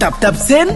Tap Tap Seen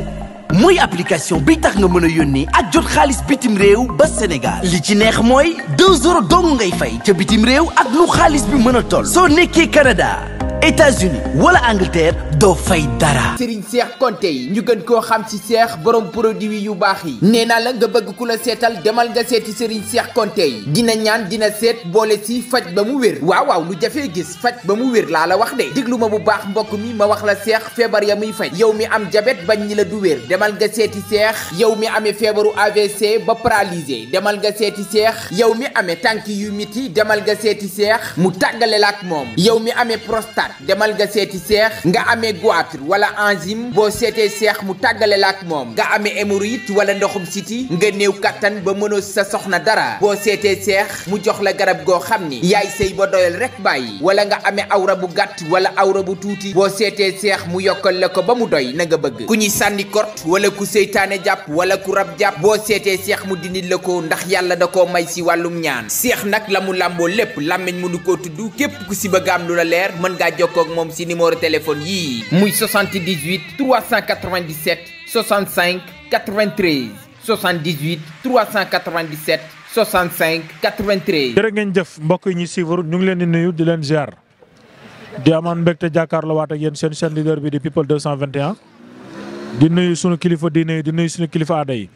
mooy application bi tax nga mën a yónnee ak jot xaalis bitim réew ba Sénégal li ci neex mooy 2 euros dong ngay fay ca bitim réew ak lu xaalis bi mën a toll. soo nekkee Canada États-Unis wala Angleterre. doo fay dara Serigne Cheikh Konte yi ñu gën koo xam ci Cheikh borom produit yu baax yi nee naa la nga bëgg ku la seetal demal nga seeti Serigne seex Konte yi dina ñaan dina seet boole si faj ba mu wér waaw waaw lu jafee gis faj ba mu wér laa la wax de déglu ma bu baax mbokk mi ma wax la seex feebar ya muy faj yow mi am jabet bañ ñi la du wér demal nga seeti Cheikh yow mi amee feebaru AVC ba paralysé demal nga seeti seex yow mi amee tànk yu miti demal nga seeti Cheikh mu tàggale la moom yow mi amee amee goitre wala enzyme boo seetee seex mu tàggale la ak moom nga ame amee yit wala ndoxum siti nga néew kattan ba mënoo sa soxna dara boo seetee seex mu jox la garab goo xam ni yaay sëy ba doyal rek bàyyi wala nga amee awra bu gàtt wala awra bu tuuti boo seetee seex mu yokkal la ko ba mu doy na nga bëgg ku ñuy sànni kot wala ku seytaane jàpp wala ku rab jàpp boo seetee seex mu dindi la ko ndax yàlla da koo may si wàllum ñaan seex nag la mu làmboo lépp làmmiñ mënu koo tudd képp ku si bëgg am téléphone yii bi muy 78 397 65 93 78 397 65 93. jërë ngeen jëf mbokk yi ñu suivre ñu ngi leen di nuyu di leen ziar di amaan mbégte jàkkaarloo waat ak yéen seen seen leader bi di people 221. di nuyu sunu kilifa diine yi di nuyu sunu kilifa aada yi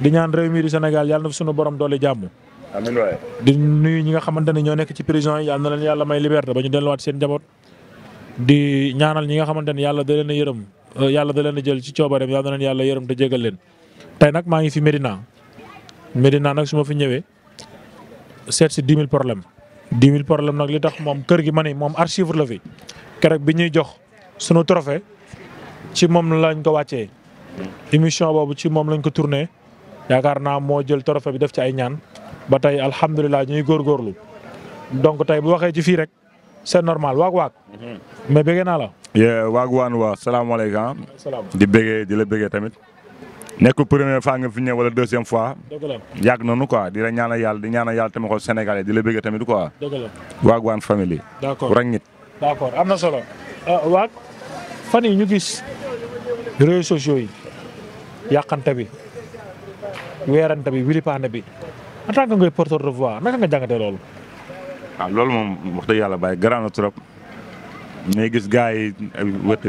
di ñaan réew mi di Sénégal yàlla na fi sunu borom doole jàmm. amiin waay di nuyu ñi nga xamante ne ñoo nekk ci prison yi yàlla na leen yàlla may liberté ba ñu delluwaat seen njaboot. di ñaanal ñi nga xamante ni yàlla da leen a yërëm euh, yàlla da leen jël ci coobareem yàlla da leen yàlla yërëm te jégal leen tey nag maa ngi fi Medina Medina nag su ma fi ñëwee seet si 10 000 problème 10 000 problème nag li tax moom kër gi ma ni moom archive la fi keroog bi ñuy jox sunu trophée ci moom lañ ko wàccee émission boobu ci moom lañ ko tourné yaakaar naa moo jël trophée bi def ci ay ñaan ba tey alhamdulilah ñuy góorgóorlu donc tey bu waxee ci fii rek. c'est normal waag waag. Mhm. mais bëggee naa la. waag waan waa salaamaaleykum. di bëggee di la bëggee tamit. nekk première fois nga fi ñëw wala deuxième fois. dëgg la yàgg nañu quoi di la ñaanal yàlla di ñaanal yàlla tamit xool sénégalais di la bëggee tamit quoi. dëgg la waag waan famille. d'accord rek am na solo. Ah, waag fan yi ñu gis réseaux sociaux yi yàqante bi weerante bi wilipaane bi en tant que ngay porteur de voix naka nga jàngatee loolu. waaw loolu moom wax dëgg yàlla bàyyi garaaw trop ngay gis gars yi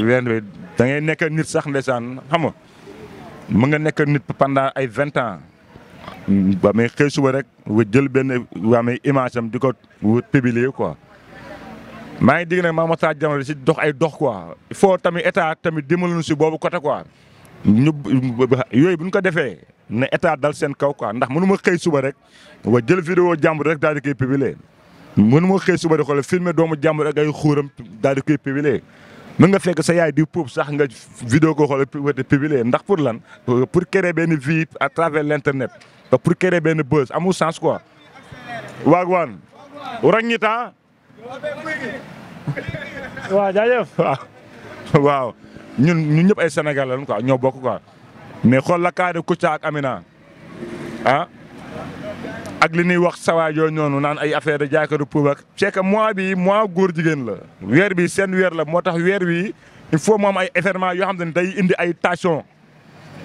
wér da ngay nekk nit sax ndeysaan xam nga nga nekk nit pendant ay vingt ans. ba mais xëy suba rek nga jël benn waa mais image am di ko publier quoi. maa ngi dégg maa ma saa jamono di si dox ay dox quoi foo faut tamit état tamit dimbaluñu si boobu côté quoi ñu yooyu bu ñu ko defee ne état dal seen kaw quoi ndax mënu ma xëy suba rek wa jël vidéo jàmbur rek daal di koy publier. mën moo xëy suba di xool filmer doomu jàmbur ak ay xuuram daal di koy publier mën nga fekk sa yaay di puub sax nga vidéo ko xool wate publier ndax pour lan pour créer benn vie à travers l' internet kere créer benn buzz amul sens quoi waagwaan raññita waaw ñun ñun ñëpp ay Sénégalais lañ quoi ñoo bokk quoi mais xool la kaari Kouthia ak Amina ah? ak li ñuy wax sawaay yooyu noonu naan ay affaire de jaakaru puub ak c'est que mois bi mois góor jigéen la weer bi seen weer la moo tax weer wi il faut moom ay événement yoo xam ne day indi ay tension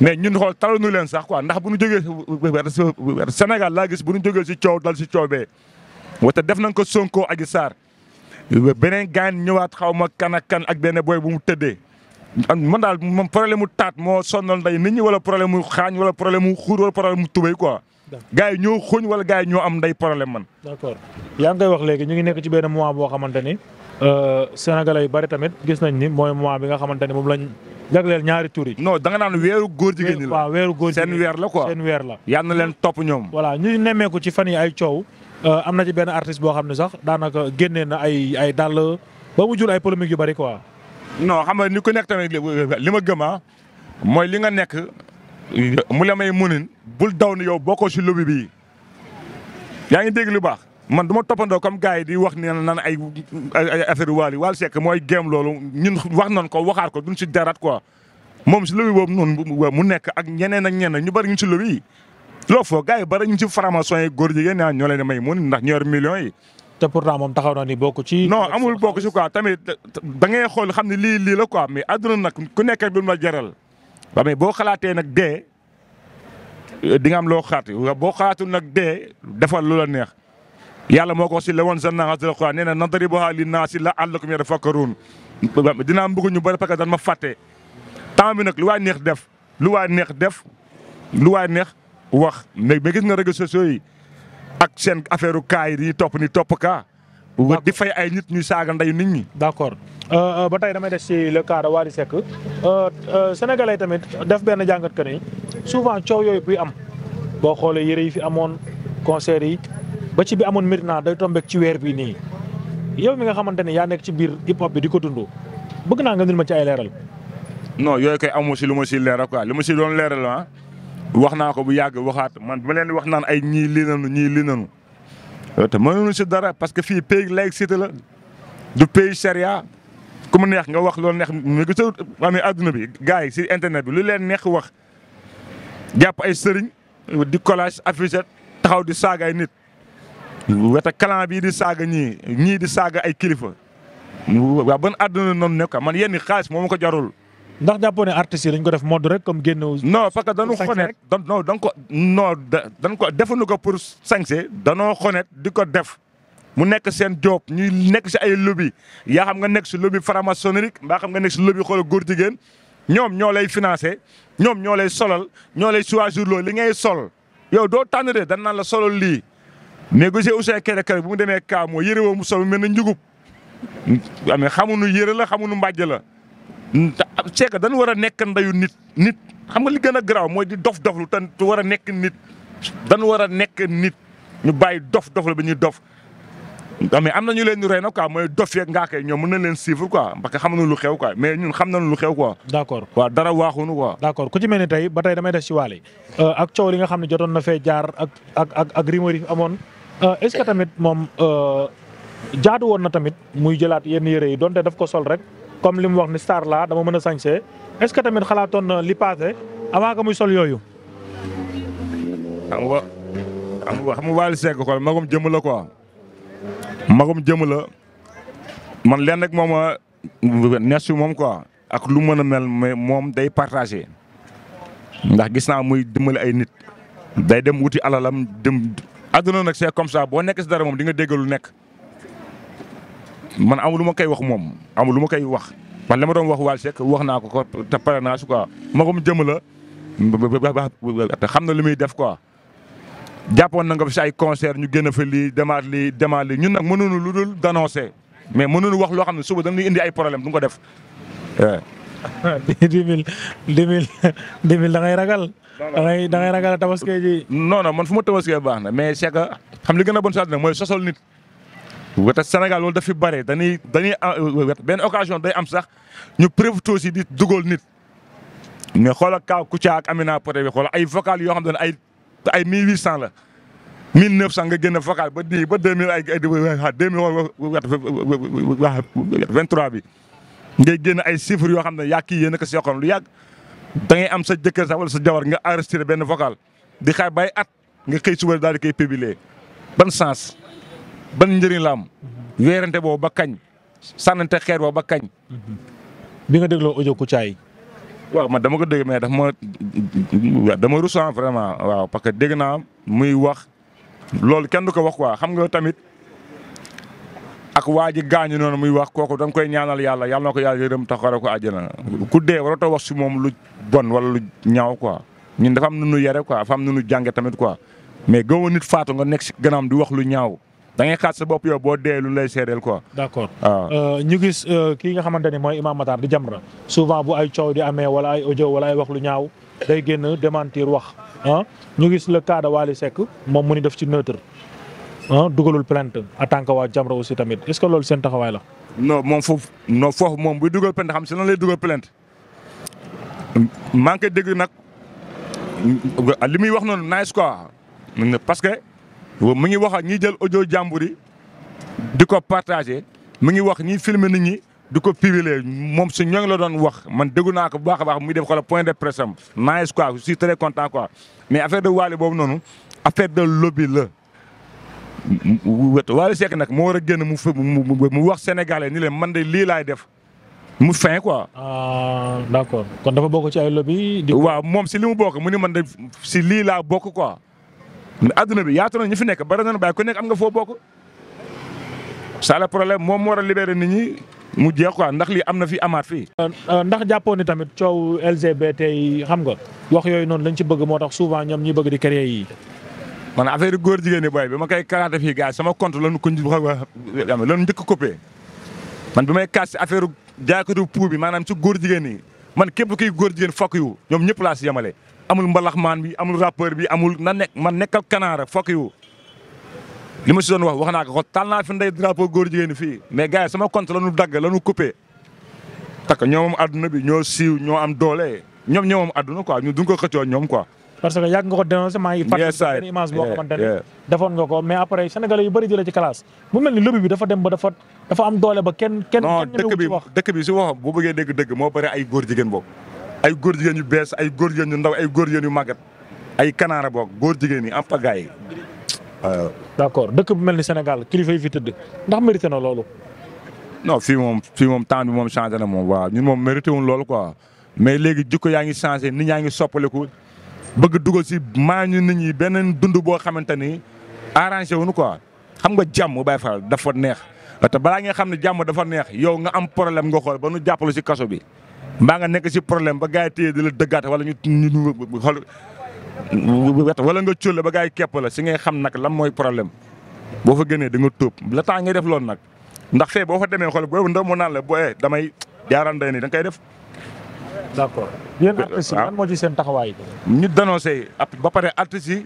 mais ñun xool talanu leen sax quoi ndax bu ñu jógee Sénégal laa gis bu ñu jógee si coow dal si coow bee wate def nañ ko Sonko ak i Sarr beneen gaan ñëwaat xaw ma kan ak kan ak benn boy bu mu tëddee man daal moom problème mu taat moo sonnal nday nit ñi wala problème mu xaañ wala problème mu xuur wala mu tubéy quoi gars yi ñoo xooñ wala gaa yi ñoo am nday problème man. d'accord yaa ngi koy wax léegi ñu ngi nekk ci benn mois boo xamante ni euh, sénégalais yu bari tamit gis nañ ni mooy moment bi nga xamante ni moom lañ jagleel ñaari tur yi. non da naan weeru góor jigéen ñi la waaw weeru góor jigéen seen weer la quoi seen weer la. yàlla na leen topp ñoom. voilà ñu nemmeeku ci fan yi ay coow euh, am na ci benn artiste boo xam ne sax daanaka génnee na ay ay dàll ba mu jur ay polémique yu bari quoi. non xam nga ni ku nekk tamit li ma gëm ah, mooy li nga nekk mu la may munin bul daw ni yow bokkoo si lobby bii yaa ngi dégg lu baax man du ma toppandoo comme gars yi di wax ne nan ay ay affaire Wally Wally Seck mooy géem loolu ñun wax nan ko waxaat ko duñ si daraat quoi moom si lobby boobu noonu mu nekk ak ñeneen ak ñeneen ñu bari ñu si lobby yi. loo foo gars yi ñu si franc-maçon yi góor jigéen ñaa ñoo leen may munin ndax ñoor million yi. te pourtant moom taxaw na ni bokk ci. non amul bokk ci quoi tamit da ngay xool xam ne lii lii la quoi mais àdduna nag ku nekk ak lu jaral. ba mais boo xalaatee nag dee di am loo xaat boo xalaatul nag dee defal lu la neex yàlla moo ko wax si la woon zanna hadal Qur'an nee na nadribuha li naasi la'allakum yatafakkarun dinaa mbugg ñu bari parce que dañ ma fàtte temps bi nag lu waay neex def lu waay neex def lu waay neex wax mais mais gis nga réseaux sociaux yi ak seen affaire kaay yi topp ni topp kaa. di fay ay nit ñuy saaga nday nit ñi. d'accord. Euh, euh, ba tey damay des ci le cas de Wally Seck euh, sénégalais tamit def benn jàngat que ni souvent coow yooyu buy am boo xoolee yëre yi fi amoon concert yi ba ci bi amoon day tombeek ci weer bi nii yow mi nga xamante ne yaa nekk ci biir hip hop bi di ko dund bëgg naa nga nil ma ci ay leeral. non yooyu koy amu si lu ma si leeral quoi li ma si doon leeral ah wax naa ko bu yàgg waxaat man bu ma leen wax naan ay ñii lii na ñii lii nanu te mënuñu si dara parce que fii pays laïcité la du pays charia comme mu neex nga wax loolu neex mu ngi sa amee adduna bi gars yi si internet bi lu leen neex wax jàpp ay sëriñ di collage affiche taxaw di saaga ay nit. weta kalan bii di saaga ñii ñii di saaga ay kilifa waaw ban àdduna noonu ne man yenni xaalis moom ma ko jarul. ndax jàppoo ne artistes yi dañ ko def mode rek comme génnew no parce que dañu xonet non dañ ko non dañ ko defuñu ko pour sañse danoo xonet di ko def. mu nekk seen job ñuy nekk si ay lobby yaa xam nga nekk si lobby franc-maçonnique mbaa xam nga nekk si lobby xoolal góor jigéen ñoom ñoo lay financé ñoom ñoo lay solal ñoo lay choisir loolu li ngay sol yow doo tànn de dan naan la solal lii négocier Ouzin Keita Keita bu mu demee kaa moo yëre woo mu sol mel na njugub amee xamuñu yére la xamuñu mbàjj la c'est que dañu war a nekk ndayu nit nit xam nga li gën a garaaw mooy di dof dof lu te war a nekk nit dañu war a nekk nit ñu bàyyi dof dof la bi ñuy dof non mais am na ñu leen ñu rey nag quoi mooy dof yeeg ngaa koy ñoom mën na leen suivre quoi parce que xam nañ lu xew quoi mais ñun xam nañ lu xew quoi. d' accord waaw dara waaxuñu quoi. d' ku ci tey ba tey damay def si waale euh, ak coow li nga xam ne jotoon na fee jaar ak ak yi amoon euh, est ce que tamit moom euh, jaadu woon na tamit muy jëlaat yenn yére yi donte def ko sol rek comme li mu wax ni star la dama mën a sañse est ce que tamit xalaatoon na li passé avant muy sol yooyu. xam nga xam nga Wally Seck quoi quoi. magum jëm man leen rek moom a nekk moom quoi ak lu mën a mel mais moom day partagé ndax gis naa muy dimbali ay nit day dem wuti alalam dem àdduna na c'est comme ça boo nekkee si dara moom di nga dégg lu nekk man am lu ma koy wax moom amul lu ma koy wax man li ma doon wax Wally Seck wax naa ko ko pare naa su quoi magum jëm la xam na lu muy def quoi. jàppoon na nga si ay concert ñu génn fa lii demaat li demaat lii ñun nag mënuñu lu dul d'annoncer mais mënuñu wax loo xam ne suba dañuy indi ay problème du ko def. dix mille da ngay ragal. da ngay ragal tabaskee ji. non non man fu ma tabaskee baax na mais c'est xam li gën a bon si àddina mooy sosol nit. weta Sénégal loolu daf fi bare dañuy dañuy ah, euh, benn occasion day am sax ñu profité aussi di dugal nit. mais xoolal Kaaw Kouthia ak Amina Poté bi xoolal ay vocal yoo xam ne ay. te ay mille huit cent la mille neuf cent nga génn vocal ba di ba deux mille ay ay deux mille vingt trois bi ngay génn ay chiffres yoo xam ne yaa kii yéen a ko seqoon lu yàgg da ngay am sa jëkkër sax wala sa jabar nga enregistré benn vocal di xaar bay at nga xëy suba daal di koy publier ban sens ban njëriñ la am weerante boobu ba kañ sànnante xeer boobu ba kañ. bi nga dégloo audio Kouthia yi waaw ma dama ko dégg mais daf ma dama rusan vraiment waaw parce que dégg naa muy wax loolu kenn du ko wax quoi xam nga tamit ak waa ji gaañu noonu muy wax kooku danga koy ñaanal yàlla yàlla na ko yàlla yërëm taxawal ko àjjana. ku dee waratoo wax si moom lu bon wala lu ñaaw quoi ñun dafa am nu nu yere quoi dafa am nu nu jànge tamit quoi mais gëmoo nit faatu nga nekk si gànnaam di wax lu ñaaw. da ngay xaat sa bopp yow boo dee lu lay seedeel quoi. d'accord ah. euh, ñu gis euh, kii nga xamante ni mooy Imam Matar di Jamra souvent bu ay coow di amee wala ay audio wala ay wax lu ñaaw day génn démentir wax ah ñu gis la cas de Wally moom mu ni def ci neutre ah dugalul plainte en tant que waa Jamra aussi tamit est-ce que loolu seen taxawaay la. non moom foofu non foofu moom buy dugal plainte xam si lan lay dugal plainte manqué dégg nag li muy wax noonu nice quoi parce que. mu ngi wax ak ñi jël audio jàmbur yi di ko partagé mu ngi wax ñi filmer nit ñi di ko publier moom si ñoo ngi la doon wax man déggu naa ko bu baax a baax muy def la point de presse am nice quoi je suis très content quoi mais affaire de Wally boobu noonu affaire de lobby la. Wally Seck nag moo war a génn mu mu wax sénégalais ni leen man de lii laay def mu fin quoi. Ah, d'accord kon dafa bokk ci ay lobby. waaw moom si li mu bokk mu ni man de si lii laa bokk quoi. adduna bi yaatu na ñu fi nekk bari na bàyyi ku nekk am nga foo bokk. ça le problème moom moo war a libéré nit ñi mu jeex quoi ndax li am na fi amaat fi euh, euh, ndax jàppoon ni tamit coow LGBT yi xam nga wax yooyu noonu lañ ci bëgg moo tax souvent ñoom ñi bëgg di créer yi man affaire góor jigéen ñi booy bi ma koy kalaate fii gars sama compte lan ko lan njëkk coupé man bi may kaas si affaire jaaykatu bi maanaam si góor jigéen ñi man képp kii góor jigéen fokk yu ñoom ñëpp laa si yemale. amul mbalaxmaan bi amul rappeur bi amul na nekk man nekkal kanaara fokk yu li ma si doon wax wax naa ko kon taal naa fi ndey drapeau góor jigéen fii mais gars yi sama compte la ñu dagg la ñu coupé takk ñoo moom bi ñoo siiw ñoo am doole ñoom ñoo moom adduna quoi ñu duñ ko xëccoo ñoom quoi. parce nga ko dénoncé maa ngi fàttali benn image boo xamante ne ci classe mu mel ni lobby bi dafa dem ba dafa dafa am doole ba kenn kenn. dëkk bi dëkk bi si waxam bu bëggee dégg dëgg moo bëri ay góor jigéen boobu ay góor jigéen yu bees ay góor jigéen yu ndaw ay góor jigéen yu màggat ay kanaara boog góor jigéen yi en pagaille waaw. d'accord dëkk bu mel ni Sénégal kilifa yi fi tëdd ndax mérité na loolu. no fii moom moom temps bi moom changé na moom waaw ñun moom mérité wuñ loolu ko mais léegi jikko yaa ngi changé nit ñaa ngi soppaliku bëgg dugal si maa ñu nit ñi beneen dund boo xamante ni arrangé wuñu quoi xam nga jàmm Baye Fall dafa neex te balaa nga xam ne jàmm dafa neex yow nga am problème nga xool ba nu jàppale si kaso bi. mbaa nga nekk si problème ba gars yi téye di la dëggaate wala ñu ñu xool wala nga la ba gars yi kepp la si ngay xam nag lan mooy problème boo fa gënee da nga tóob le temps ngay def loolu nag ndax fee boo fa demee xool boobu ndaw mu naan la eh damay jaaraan day da nga def. d' accord ah. moo ci seen taxawaay ñu dénoncé ba pare artistes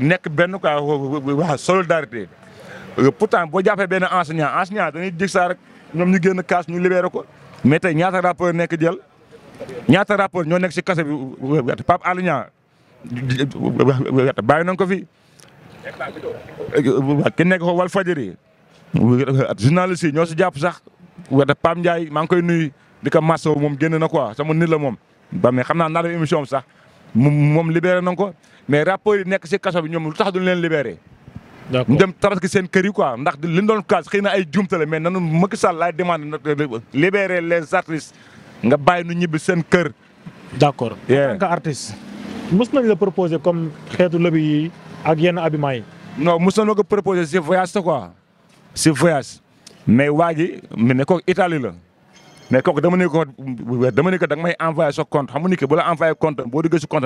nekk benn quoi waa solidarité euh, pourtant boo jàppee benn enseignant enseignant dañuy dig saa rek ñoom ñu génn kaas ñu libéré ko. mais tey ñaata rappeur nekk jël ñaata rappeur ñoo nekk si kase bi Pape Alé Niang bàyyi nañ ko fi ki nekk ko wal fajiri journaliste yi ñoo si jàpp sax wala Pape Ndiaye maa ngi koy nuyu di ko masso moom génn na quoi sama nit la moom. ba mais xam naa naa def émission bi sax moom libéré nañ ko mais rappeurs yi nekk si kaso bi ñoom lu tax duñ leen libéré. ñu dem tabaski seen kër yi quoi ndax li ñu doon kaas xëy na ay jumtale mais nanu Macky Sall laay demandé na euh, libérer les artistes nga bàyyi nu ñibbi seen kër. d' accord en tant que nañ la proposé comme xeetu lobby yi ak yenn abima yi. non mos nañu ko proposer si voyage quoi si voyage mais waa ji mu ne ko Italie la. mais kooku dama ne ko dama ne ko da nga may envoyé sa compte xam nga ni que bu la envoyé compte boo duggee si compte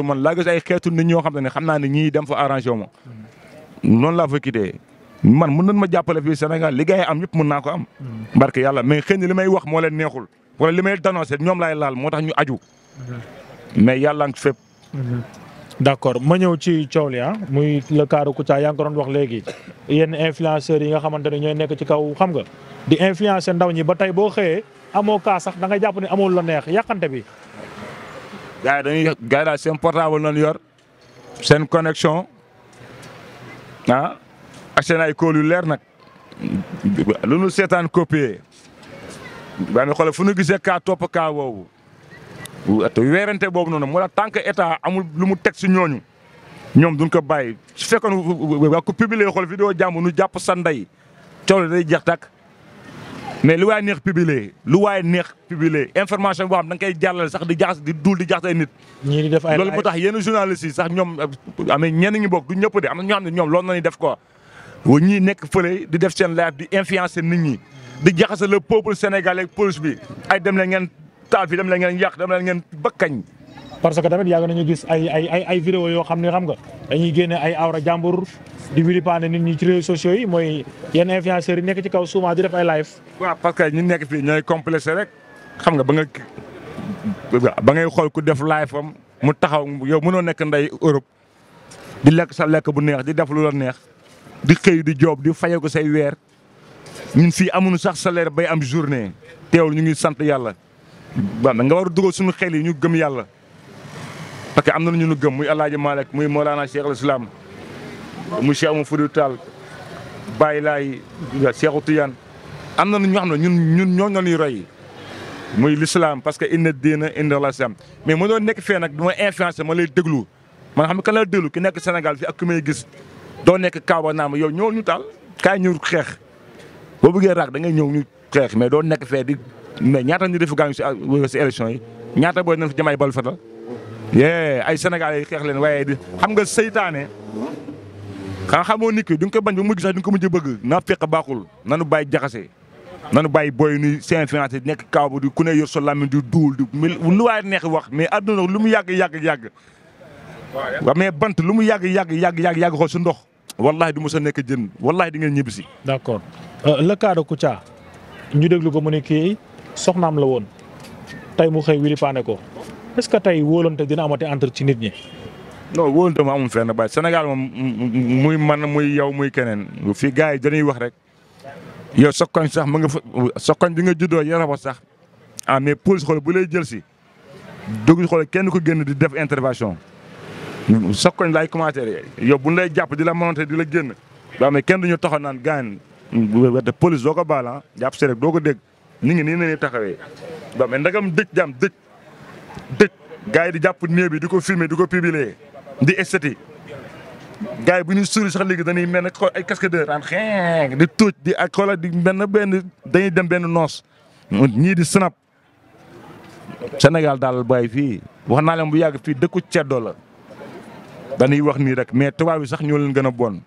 man laa gis ay xeetu nit ñoo xam ne xam naa ne ñii dem fa arrangé wu noonu laa fa man mën nañ ma jàppale fii Sénégal li gars yi am yëpp mën naa ko am. barke yàlla mais xëy na li may wax moo leen neexul wala li may dénoncé ñoom laay laal moo tax ñu aju. Mhm. mais yàlla nga fépp. Mhm. d' accord ma ñëw ci coow li ah muy le kaaru Kouthia yaa ngi ko doon wax léegi yenn influenceurs yi nga xamante ne ñooy nekk ci kaw xam nga di influencer ndaw ñi ba tey boo xëyee amoo kaa sax da nga jàpp ni amul la neex yàqante bi. gars yi dañuy gars yi daal seen portable lañ yor seen connexion ah ak seen ay kóol yu leer nag lu nu seetaan baa daanaka xoolal fu nu gisee kaa topp kaa woowu. te weerante boobu noonu moo tax tant que état amul lu mu teg si ñooñu ñoom duñ ko bàyyi su fekkoon waa ku publier xool vidéo jàmm nu jàpp sa ndey coow day jeex tak mais lu waay neex publier lu waaye neex publier information boo xam da nga koy jàllale sax di jaxas di duul di jaxas ay nit. ñii di def ay loolu moo tax yenn journalistes sax ñoom amee ñenn ñi bokk du ñëpp de am xam ne ñoom loolu na ñuy def ko wa ñii nekk fële di def seen live di influencer nit ñi di jaxase le peuple sénégalais police bi ay dem leen taal fi dem leen ngeen yàq dem leen ngeen bakkañ parce que tamit yàgg nañu gis ay ay ay ay yoo xam ne xam nga dañuy génne ay awra jàmbur di wilipaane nit ñi ci réseaux sociaux yi mooy yenn influenceurs yi nekk ci kaw souvent di def ay live. waaw parce que ñu nekk fii ñooy complexé rek xam nga ba nga ba ngay xool ku def live am mu taxaw yow mënoo nekk ndey Europe di lekk sa lekk bu neex di def lu la neex di xëy di joob di ko say weer ñun si amuñu sax sa leer bay am journée teewul ñu ngi sant yàlla. waaw da nga war a dugal suñu xel yi ñu gëm yàlla parce que am na lu ñu gëm muy El malek Malick muy Mawlana Cheikh al Islam muy Cheikh Oumar Foutiyou Tall Baye Laye Cheikh Tidiane am na ñoo xam ne ñun ñun ñooñu la ñuy roy muy l'islam parce que inna diina inda l'islam mais ma doon nekk fee nag du ma influencé ma lay déglu man xam nga kan lay déglu ki nekk Sénégal fii ak ku may gis doo nekk Kaaba naam yow ñoo ñu taal kaay ñu xeex boo bëggee raak da ngay ñëw ñu xeex mais doo nekk fee di. mais ñaata ñu defu gaañu si si élection yi ñaata booy nañ fi jëm ay bal fetal yee ay Sénégalais yi xeex leen waaye di xam nga seytaane xam xamoo nit ki du nga ko bañ ba mujj sax du nga ko mujj bëgg naa fekk baaxul nanu bàyyi jaxase nanu bàyyi booy ni seen financé nekk kaw bu di ku ne yor sa làmmiñ di duul di lu waaye neex wax mais àdduna lu mu yàgg yàgg yàgg waaw mais bant lu mu yàgg yàgg yàgg yàgg yàgg xool si ndox wallahi du mos a nekk jën wallahi di ngeen ñibbisi. d'accord euh, le cas de Kouthia ñu déglu ko mu soxnaam la woon tey mu xëy wilipaane ko est-ce que tey wóolante dina amati entre ci nit ñi. non wóolante ma amul fenn ba Sénégal moom muy man muy yow muy keneen fii gars yi dañuy wax rek yow sa koñ sax mu nga fa sa koñ bi nga juddoo yara fa sax ah mais police xool bu lay jël si dugg xool kenn ko génn di def intervention sa koñ laay commentaire yow bu ñu lay jàpp di la monter di la génn. waaw mais kenn du ñu taxaw naan gaañ. police doo ko baal ah. jàpp si doo ko dégg. ñu ngi nii la taxawee. ba mais ndagam dëj jaam dëj dëj yi di jàpp néew bi di ko filmer di ko publier di esthétique gars yi bu ñu suri sax léegi dañuy mel ne ay cascadeur daan xeex di tuuj di ak xoolal di benn benn dañuy dem benn noos ñii di snap Sénégal daal bàyyi fii wax naa leen bu yàgg fii dëkku ceddoo la dañuy wax nii rek mais tubaab bi sax ñoo leen gën a bon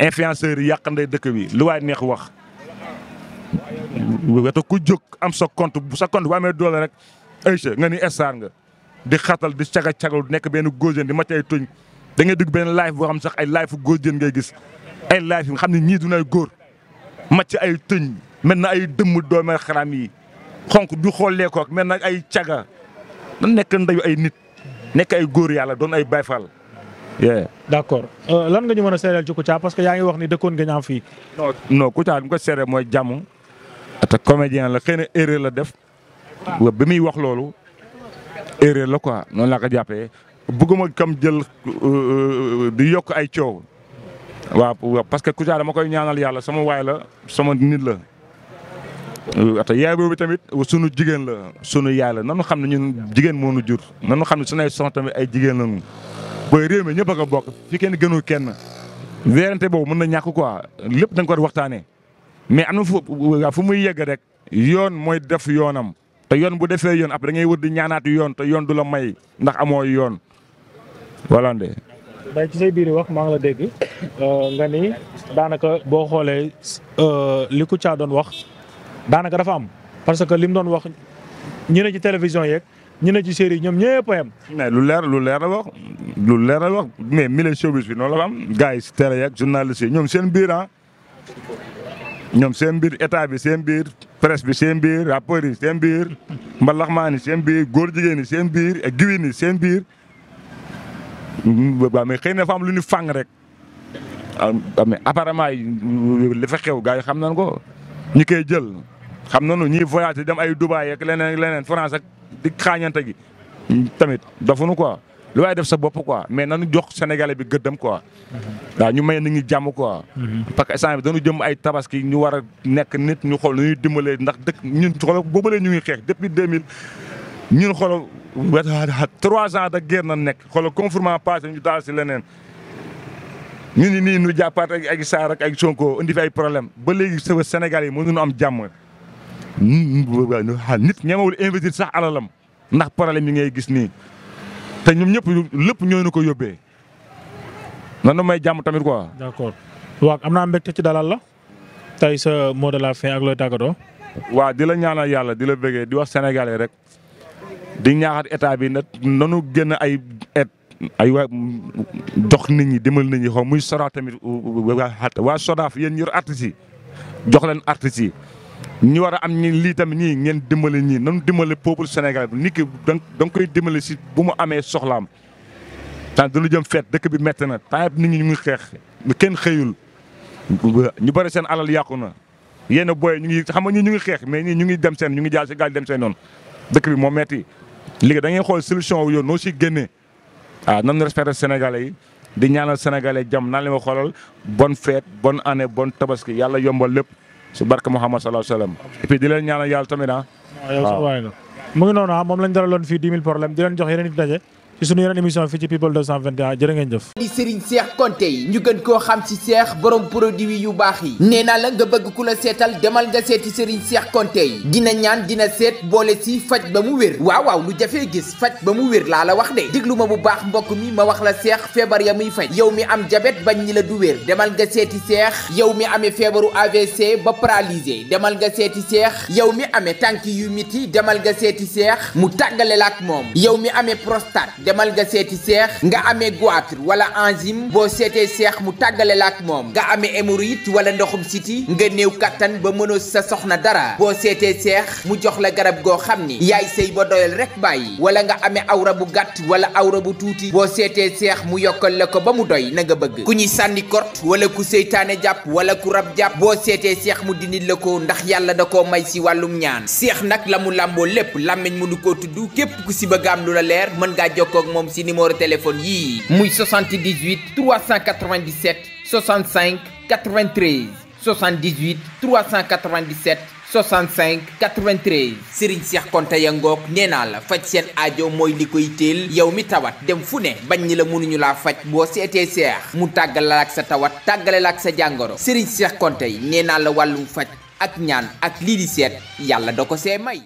influenceurs yi yàq ndey dëkk bi lu waay neex wax. wetu ku jóg am sa compte bu sa compte bu amee doole rek ayca nga ni star nga di xatal di caga nekk benn góojeen di màcc ay tuñ da ngay dugg benn live boo xam sax ay live góojeen ngay gis ay live xam ne ñii duñu ay góor màcc ay tuñ mel na ay dëmm doome xaram yi xonk du xooleekook koog mel ay caga nan nekk ndayu ay nit nekk ay góor yàlla doon ay bayfal. Yeah. d'accord euh, lan nga ñu mën a seereel ci Kouthia parce que yaa ngi wax ni dëkkoon nga ñaam fii. mooy jàmm. te comédien la xëy na la def bi muy wax loolu erreur la quoi noonu la ko jàppee bugguma kam jël euh, euh, di yokk ay coow. waaw parce que ku Kouthia dama koy ñaanal yàlla sama waay la sama nit la. Euh, te yaay boobu tamit sunu jigéen la sunu yaay la nanu xam ne ñun jigéen moo nu jur nanu xam ne sunu ay soxna tamit ay jigéen lañu booy réew mi ñëpp a ko bokk fi kenn gënul kenn. weerante boobu mën na ñàkk quoi lépp da nga ko waxtaanee mais am na fu fu muy yegg rek yoon mooy def yoonam te yoon bu defee yoon après ngay wër di ñaanaatu yoon te yoon du la may ndax amoo yoon voilà de. bay ci biir wax maa ngi la dégg euh, nga ni daanaka boo xoolee euh, li ku caa doon wax daanaka dafa am parce que li mu doon wax ñu ci télévision yeeg ñu ne ci série ñoom ñëpp a lu leer lu leer la wax lu leer la wax mais milieu showbiz bi noonu la am gars yi si télé yeeg journaliste ñoom seen biir ah. ñoom seen mbir état bi seen biir presse bi seen biir rapport seen biir mbalaxmaan yi seen biir góor jigéen yi seen biir ak giwin seen biir waaw mais xëy na dafa lu ñu fang rek mais apparemment li fa xew gars yi xam nañ ko ñi koy jël xam nañu ñiy voyagé dem ay Dubaay ak leneen leneen France ak di xaañante gi tamit dafa nu quoi lu waaye def sa bopp quoi mais nanu jox sénégalais bi gëddam ko waaw ñu may nit ñi jàmm quoi. parce que instant bi dañu jëm ay tabaski ñu war a nekk nit ñu xool nu ñuy dimbalee ndax dëkk ñun xoolal boobalee ñu ngi xeex depuis 2000 ñun xoolal trois ans da guerre na nekk xoolal confinement passé ñu daal si leneen. ñu ni nii ñu jàppaat ak ay Sarr ak Sonko indi fi ay problème ba léegi sa Sénégal yi mënuñu am jàmm. nit ñemewul investir sax alalam ndax problème yi ngay gis nii. te ñoom ñëpp lépp ñoo ñu ko yóbbee nan la may jàmm tamit quoi. d'accord waaw am naa mbégte ci dalal la tey sa mot de la fin ak looy tàggatoo. waa di la ñaanal yàlla di la bëggee di wax sénégalais rek di ñaaxat état bi na nanu génn ay et ay waa jox nit ñi dimbal nit ñi xaw muy soraat tamit waa sodaaf yéen ñor artistes yi jox leen artistes yi. ñu war a am ñi lii tamit ñii ngeen dimbale ñii nanu dimbale poobul Sénégal bi nit ki da nga koy dimbali si bu mu amee soxlaam tant du lu jëm feet dëkk bi métti na tant nit ñi ñu ngi xeex kenn xëyul ñu bëri seen alal yàqu na yenn booy ñu ngi xam nga ñii ñu ngi xeex mais ñii ñu ngi dem seen ñu ngi jaal si gaal dem seen noonu dëkk bi moo metti léegi da ngay xool solution yoon yow noo si génnee ah nan respecté Sénégalais yi di ñaanal Sénégalais jam naan la ma xoolal bonne fête bonne année bonne tabaski yàlla yombal lépp si barke Muhammad sallallahu alayhi wa sallam et puis di leen ñaanal yàlla tamit ah. waaw yow sax waay nga mu ngi noonu ah moom lañ daraloon fii 10 000 problème di leen jox yeneen nit daje ci sunu yeneen émission fii ci People 221 jërë ngeen jëf di Serigne Cheikh Konté ñu gën koo xam ci Cheikh borom produit yu baax yi nee naa la nga bëgg ku seetal demal nga seeti Serigne Cheikh Konté yi ñaan dina seet boole si faj ba mu wér waaw waaw lu jafee gis faj ba mu wér laa la wax de déglu ma bu baax mbokk mi ma wax la Cheikh feebar ya muy faj yow mi am jabet bañ ñi la du wér demal nga seeti Cheikh yow mi amee feebaru AVC ba paralysé demal nga seeti Cheikh yow mi amee tànk yu miti demal nga seeti Cheikh mu tàggale la ak moom yow mi amee prostate demal nga seeti seex nga amee goitre wala enzyme boo seetee seex mu tàggale la ak moom nga amee hémorroïde wala ndoxum siti nga néew kàttan ba mënoo sa soxna dara boo seetee seex mu jox la garab goo xam ni yaay sëy ba doyal rek bàyyi wala nga amee awra bu gàtt wala awra bu tuuti boo seetee seex mu yokkal la ko ba mu doy na nga bëgg ku ñuy sànni kort wala ku seytaane jàpp wala ku rab jàpp boo seetee seex mu dindi la ko ndax yàlla da koo may si wàllum ñaan seex nag la mu làmboo lépp làmmiñ mënu koo tudd képp ku si bëgg am leer mën ngaa jokk jokkoog moom si numéro téléphone yii muy 78 397 65 93 78 397 65 93 Serigne Cheikh Konte ya ngoog nee naa la faj seen aajo mooy li koy teel yow mi tawat dem fu ne bañ ñi la mënuñu laa faj boo seetee seex mu tàggale laa ak sa tawat tàggale la ak sa jàngoro Serigne Cheikh Konte yi nee naa la wàllum faj ak ñaan ak lii di seet yàlla da ko see may